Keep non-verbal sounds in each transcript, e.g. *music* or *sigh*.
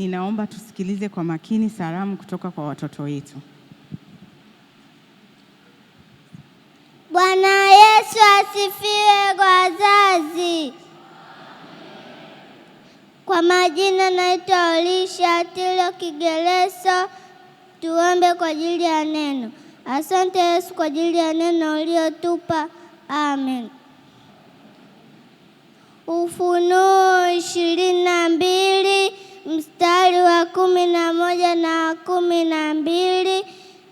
ninaomba tusikilize kwa makini salamu kutoka kwa watoto wetu. Bwana Yesu asifiwe. Wazazi, kwa majina naitwa Olisha Atilo Kigereso. Tuombe kwa ajili ya neno. Asante Yesu kwa ajili ya neno uliotupa, amen. Ufunuo ishirini na mbili mstari wa kumi na moja na kumi na mbili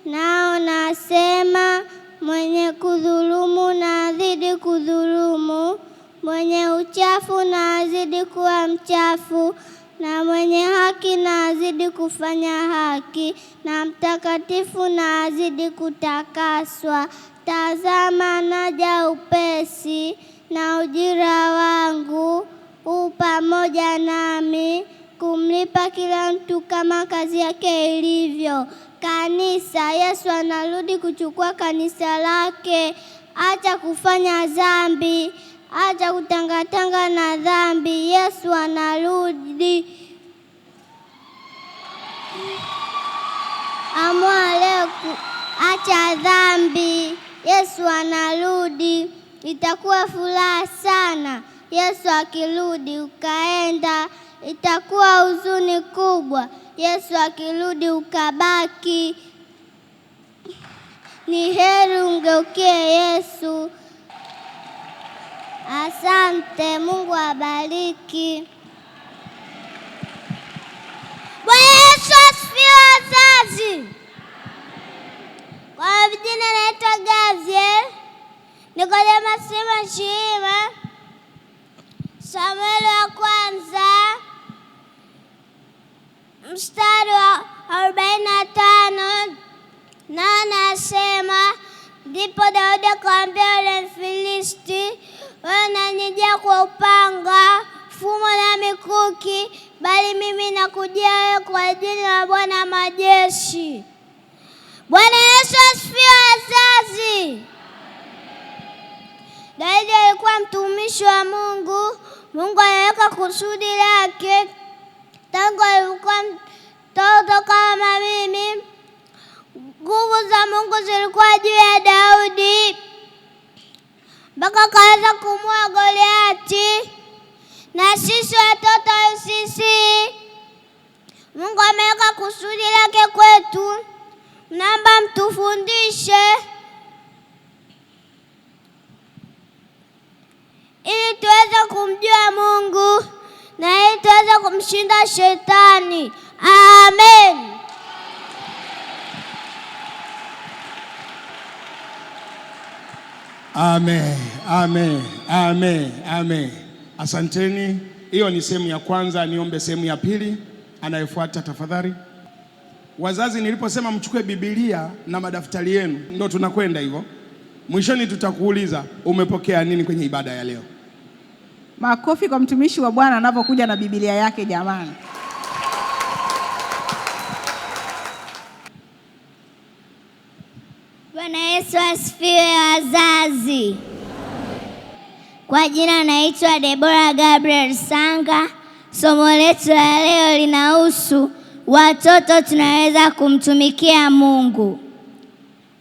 nao nasema, mwenye kudhulumu na azidi kudhulumu, mwenye uchafu na azidi kuwa mchafu, na mwenye haki na azidi kufanya haki, na mtakatifu na azidi kutakaswa. Tazama, naja upesi, na ujira wangu u pamoja nami kumlipa kila mtu kama kazi yake ilivyo. Kanisa, Yesu anarudi kuchukua kanisa lake. Acha kufanya dhambi, acha kutangatanga na dhambi. Yesu anarudi. Amua leo, acha dhambi. Yesu anarudi, itakuwa furaha sana Yesu akirudi ukaenda itakuwa huzuni kubwa. Yesu akirudi ukabaki, ni heri ungeukie Yesu. Asante, Mungu abariki. Bwana Yesu asifiwe. haki, bali mimi nakuja wewe kwa jina la Bwana majeshi. Bwana Yesu asifiwe. Wazazi, Daudi alikuwa mtumishi wa Mungu. Mungu aliweka kusudi lake tangu alikuwa mtoto kama mimi. Nguvu za Mungu zilikuwa juu ya Daudi mpaka akaweza kumua Goliati na sisi watoto sisi. Mungu ameweka kusudi lake kwetu, namba mtufundishe ili tuweze kumjua Mungu na ili tuweze kumshinda shetani. Amen. Amen. Amen. Amen. Amen. Asanteni. Hiyo ni sehemu ya kwanza, niombe sehemu ya pili anayefuata tafadhali. Wazazi, niliposema mchukue Biblia na madaftari yenu, ndio tunakwenda hivyo. Mwishoni tutakuuliza umepokea nini kwenye ibada ya leo. Makofi kwa mtumishi wa Bwana anapokuja na Biblia yake jamani. Bwana Yesu asifiwe wazazi. Kwa jina naitwa Debora Gabriel Sanga. Somo letu la leo linahusu watoto tunaweza kumtumikia Mungu.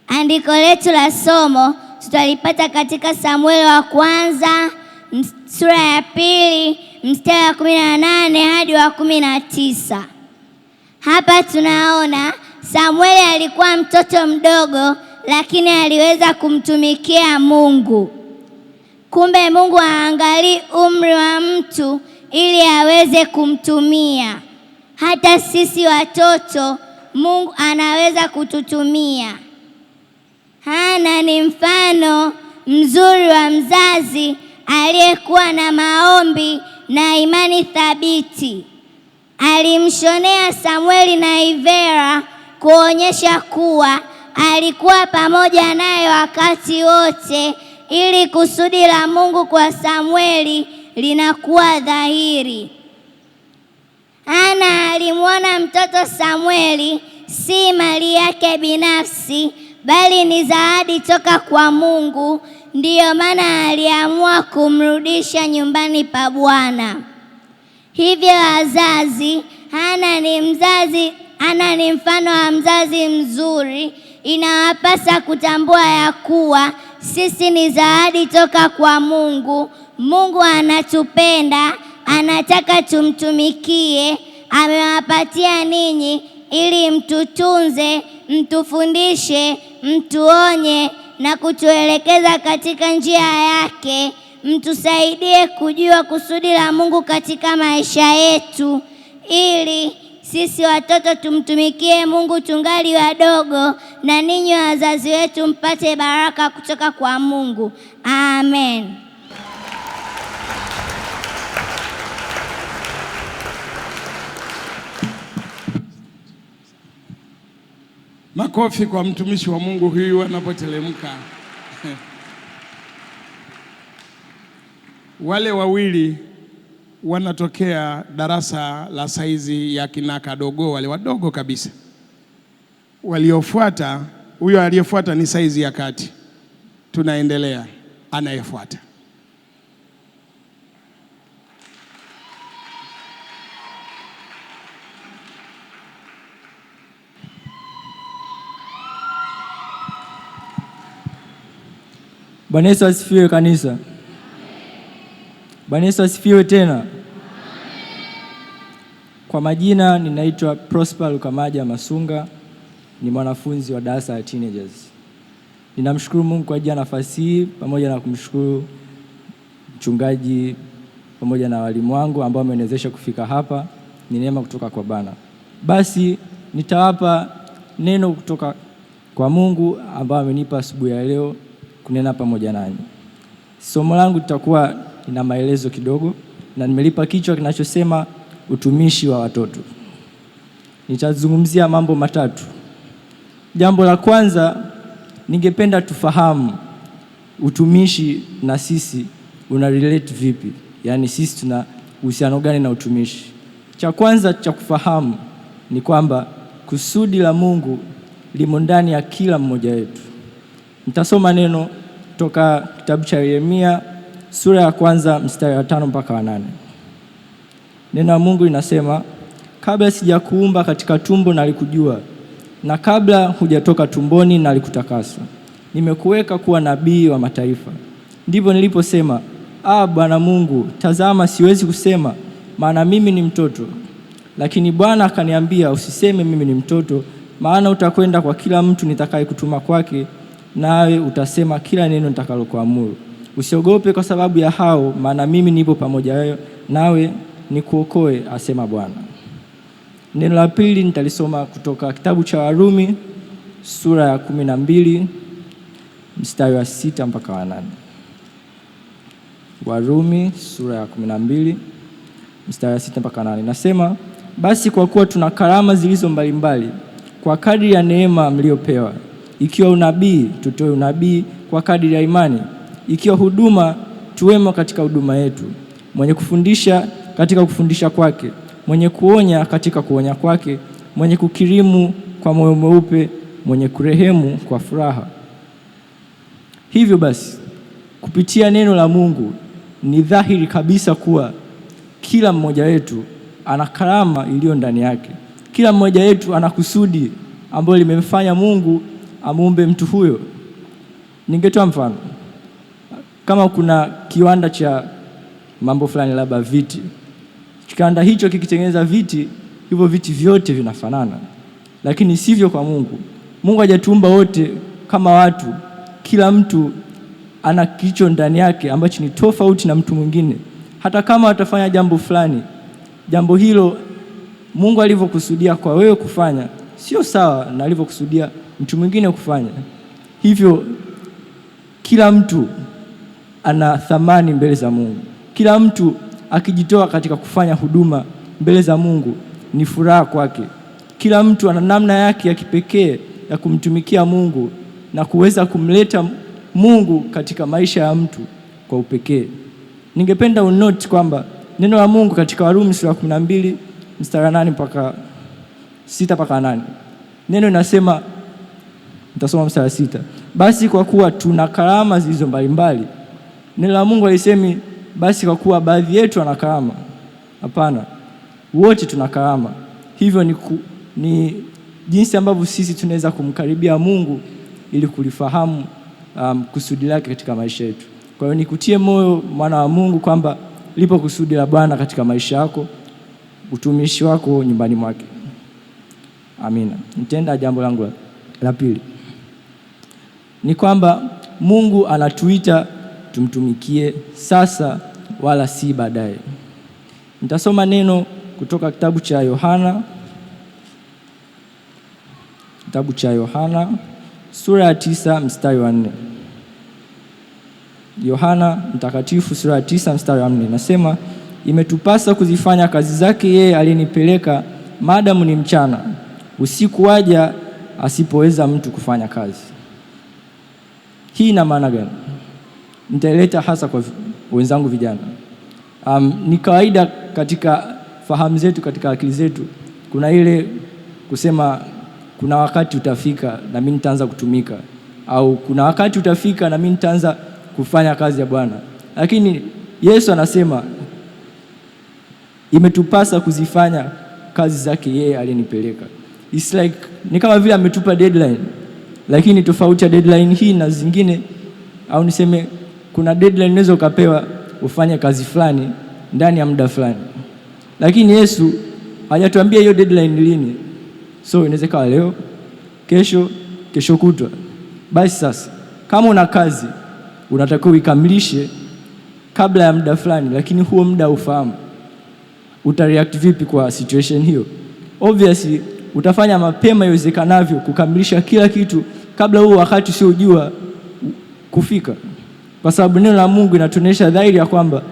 Andiko letu la somo tutalipata katika Samueli wa kwanza sura ya pili mstari wa kumi na nane hadi wa kumi na tisa. Hapa tunaona Samueli alikuwa mtoto mdogo, lakini aliweza kumtumikia Mungu. Kumbe Mungu haangalii umri wa mtu ili aweze kumtumia. Hata sisi watoto Mungu anaweza kututumia. Hana ni mfano mzuri wa mzazi aliyekuwa na maombi na imani thabiti. Alimshonea Samueli na Ivera kuonyesha kuwa alikuwa pamoja naye wakati wote ili kusudi la Mungu kwa samweli linakuwa dhahiri. Ana alimwona mtoto samweli si mali yake binafsi, bali ni zawadi toka kwa Mungu. Ndiyo maana aliamua kumrudisha nyumbani pa Bwana. Hivyo wazazi, Hana ni mzazi, Hana ni mfano wa mzazi mzuri. Inawapasa kutambua ya kuwa sisi ni zawadi toka kwa Mungu. Mungu anatupenda, anataka tumtumikie. Amewapatia ninyi ili mtutunze, mtufundishe, mtuonye na kutuelekeza katika njia yake, mtusaidie kujua kusudi la Mungu katika maisha yetu ili sisi watoto tumtumikie Mungu tungali wadogo, na ninyi wazazi wetu mpate baraka kutoka kwa Mungu. Amen. Makofi kwa mtumishi wa Mungu huyu anapotelemka. *laughs* Wale wawili wanatokea darasa la saizi ya kina kadogo, wale wadogo kabisa. Waliofuata, huyo aliyefuata ni saizi ya kati, tunaendelea, anayefuata Bwana Yesu asifiwe kanisa. Bwana Yesu asifiwe tena. Kwa majina ninaitwa Prosper Lukamaja Masunga, ni mwanafunzi wa darasa la teenagers. Ninamshukuru Mungu kwa ajili ya nafasi hii pamoja na kumshukuru mchungaji pamoja na walimu wangu ambao wameniwezesha kufika hapa. Ni neema kutoka kwa Bwana. Basi nitawapa neno kutoka kwa Mungu ambao amenipa asubuhi ya leo kunena pamoja nanyi. Somo langu litakuwa ina maelezo kidogo na nimelipa kichwa kinachosema utumishi wa watoto. Nitazungumzia mambo matatu. Jambo la kwanza, ningependa tufahamu utumishi na sisi una relate vipi, yaani sisi tuna uhusiano gani na utumishi? Cha kwanza cha kufahamu ni kwamba kusudi la Mungu limo ndani ya kila mmoja wetu. Nitasoma neno toka kitabu cha Yeremia sura ya kwanza mstari wa tano mpaka wa nane. Neno la Mungu linasema, kabla sijakuumba katika tumbo nalikujua, na kabla hujatoka tumboni nalikutakasa, nimekuweka kuwa nabii wa mataifa. Ndipo niliposema, ah, Bwana Mungu, tazama, siwezi kusema, maana mimi ni mtoto. Lakini Bwana akaniambia, usiseme mimi ni mtoto, maana utakwenda kwa kila mtu nitakaye kutuma kwake, nawe utasema kila neno nitakalokuamuru. Usiogope kwa sababu ya hao, maana mimi nipo pamoja nawe, nikuokoe, asema Bwana. Neno la pili nitalisoma kutoka kitabu cha Warumi sura ya kumi na mbili mstari wa sita mpaka wa nane. Warumi sura ya kumi na mbili mstari wa sita mpaka nane nasema, basi kwa kuwa tuna karama zilizo mbalimbali kwa kadri ya neema mliopewa, ikiwa unabii, tutoe unabii kwa kadri ya imani ikiwa huduma, tuwemo katika huduma yetu, mwenye kufundisha katika kufundisha kwake, mwenye kuonya katika kuonya kwake, mwenye kukirimu kwa moyo mweupe, mwenye kurehemu kwa furaha. Hivyo basi, kupitia neno la Mungu ni dhahiri kabisa kuwa kila mmoja wetu ana karama iliyo ndani yake. Kila mmoja wetu ana kusudi ambalo limemfanya Mungu amuumbe mtu huyo. Ningetoa mfano. Kama kuna kiwanda cha mambo fulani, labda viti, kiwanda hicho kikitengeneza viti, hivyo viti vyote vinafanana, lakini sivyo kwa Mungu. Mungu hajatuumba wote kama watu, kila mtu ana kicho ndani yake ambacho ni tofauti na mtu mwingine. Hata kama watafanya jambo fulani, jambo hilo Mungu alivyokusudia kwa wewe kufanya sio sawa na alivyokusudia mtu mwingine kufanya. Hivyo kila mtu ana thamani mbele za Mungu. Kila mtu akijitoa katika kufanya huduma mbele za Mungu ni furaha kwake. Kila mtu ana namna yake ya kipekee ya kumtumikia Mungu na kuweza kumleta Mungu katika maisha ya mtu kwa upekee. Ningependa unote kwamba neno la Mungu katika Warumi sura ya 12 mstari wa mpaka sita mpaka 8. Neno inasema nitasoma mstari wa Basi kwa kuwa tuna karama zilizo mbalimbali Neno la Mungu alisemi basi kwa kuwa baadhi yetu ana karama. Hapana, wote tuna karama. Hivyo ni, ku, ni jinsi ambavyo sisi tunaweza kumkaribia Mungu ili kulifahamu um, kusudi lake katika maisha yetu. Kwa hiyo nikutie moyo mwana wa Mungu kwamba lipo kusudi la Bwana katika maisha yako, utumishi wako nyumbani mwake. Amina. Nitenda jambo langu la pili, ni kwamba Mungu anatuita tumtumikie sasa, wala si baadaye. Nitasoma neno kutoka kitabu cha Yohana, kitabu cha Yohana sura ya tisa mstari wa nne. Yohana Mtakatifu sura ya tisa mstari wa nne nasema, imetupasa kuzifanya kazi zake yeye aliyenipeleka maadamu ni mchana. Usiku waja asipoweza mtu kufanya kazi. Hii ina maana gani? nitaileta hasa kwa wenzangu vijana. Um, ni kawaida katika fahamu zetu, katika akili zetu kuna ile kusema kuna wakati utafika na mimi nitaanza kutumika, au kuna wakati utafika na mimi nitaanza kufanya kazi ya Bwana. Lakini Yesu anasema imetupasa kuzifanya kazi zake yeye aliyenipeleka. It's like ni kama vile ametupa deadline, lakini tofauti ya deadline hii na zingine, au niseme kuna deadline unaweza ukapewa ufanye kazi fulani ndani ya muda fulani, lakini Yesu hajatuambia hiyo deadline lini. So inaweza leo, kesho, kesho kutwa. Basi sasa, kama una kazi unatakiwa uikamilishe kabla ya muda fulani, lakini huo muda ufahamu utareact vipi kwa situation hiyo. Obviously utafanya mapema iwezekanavyo kukamilisha kila kitu kabla huo wakati usiojua kufika kwa sababu neno la Mungu inatuonyesha dhahiri ya kwamba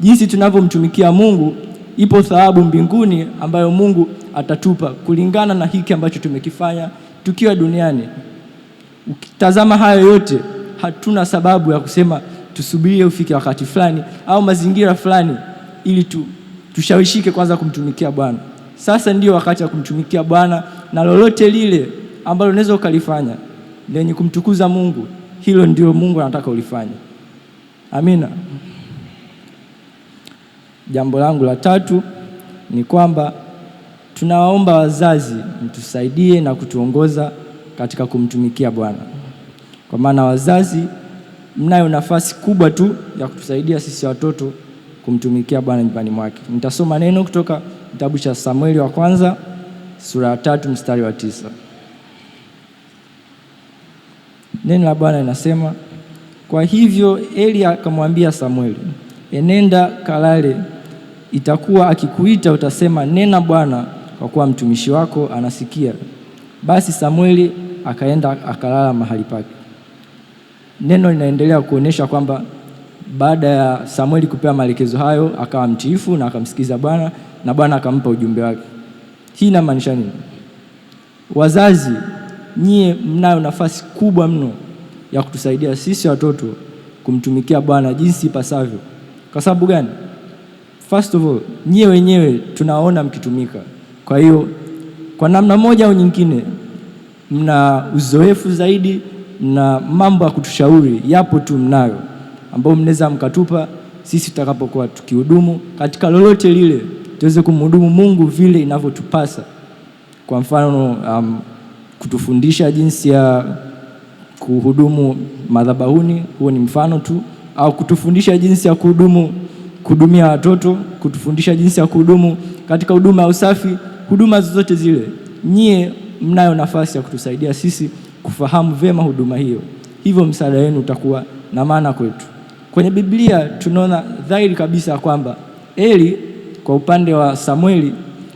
jinsi tunavyomtumikia Mungu ipo thawabu mbinguni ambayo Mungu atatupa kulingana na hiki ambacho tumekifanya tukiwa duniani. Ukitazama hayo yote, hatuna sababu ya kusema tusubirie ufike wakati fulani au mazingira fulani ili tu, tushawishike kwanza kumtumikia Bwana. Sasa ndiyo wakati wa kumtumikia Bwana, na lolote lile ambalo unaweza ukalifanya lenye kumtukuza Mungu, hilo ndio Mungu anataka ulifanye. Amina. Jambo langu la tatu ni kwamba tunawaomba wazazi mtusaidie na kutuongoza katika kumtumikia Bwana, kwa maana wazazi mnayo nafasi kubwa tu ya kutusaidia sisi watoto kumtumikia Bwana nyumbani mwake. Nitasoma neno kutoka kitabu cha Samueli wa kwanza sura ya tatu mstari wa tisa. Neno la Bwana linasema kwa hivyo Eli akamwambia Samueli, enenda kalale, itakuwa akikuita utasema, nena Bwana, kwa kuwa mtumishi wako anasikia. Basi Samueli akaenda akalala mahali pake. Neno linaendelea kuonyesha kwamba baada ya Samueli kupewa maelekezo hayo, akawa mtiifu na akamsikiza Bwana na Bwana akampa ujumbe wake. Hii inamaanisha nini? Wazazi, nyie mnayo nafasi kubwa mno ya kutusaidia sisi watoto kumtumikia Bwana jinsi ipasavyo. Kwa sababu gani? First of all, nyie wenyewe tunaona mkitumika. Kwa hiyo kwa namna moja au nyingine, mna uzoefu zaidi na mambo ya kutushauri yapo tu mnayo, ambayo mnaweza mkatupa sisi tutakapokuwa tukihudumu katika lolote lile, tuweze kumhudumu Mungu vile inavyotupasa. Kwa mfano um, kutufundisha jinsi ya kuhudumu madhabahuni, huo ni mfano tu, au kutufundisha jinsi ya kuhudumu, kuhudumia watoto, kutufundisha jinsi ya kuhudumu katika huduma ya usafi, huduma zozote zile, nyie mnayo nafasi ya kutusaidia sisi kufahamu vyema huduma hiyo, hivyo msaada wenu utakuwa na maana kwetu. Kwenye Biblia tunaona dhahiri kabisa kwamba Eli kwa upande wa Samueli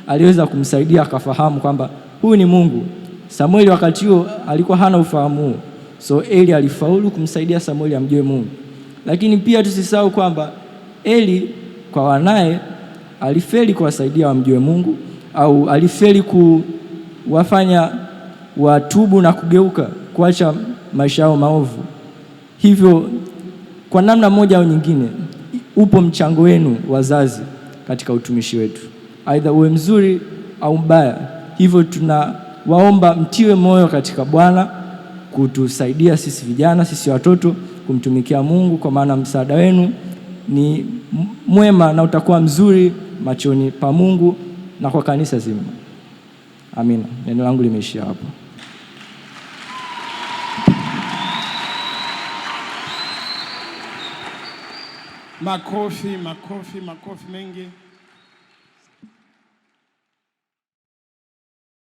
aliweza kumsaidia akafahamu kwamba huyu ni Mungu. Samueli wakati huo alikuwa hana ufahamu huo. So Eli alifaulu kumsaidia Samueli amjue Mungu, lakini pia tusisahau kwamba Eli kwa wanaye alifeli kuwasaidia wamjue Mungu au alifeli kuwafanya watubu na kugeuka kuacha maisha yao maovu. Hivyo kwa namna moja au nyingine, upo mchango wenu wazazi katika utumishi wetu, aidha uwe mzuri au mbaya. Hivyo tunawaomba mtiwe moyo katika Bwana kutusaidia sisi vijana, sisi watoto kumtumikia Mungu, kwa maana msaada wenu ni mwema na utakuwa mzuri machoni pa Mungu na kwa kanisa zima. Amina. Neno langu limeishia hapo. Makofi, makofi, makofi mengi.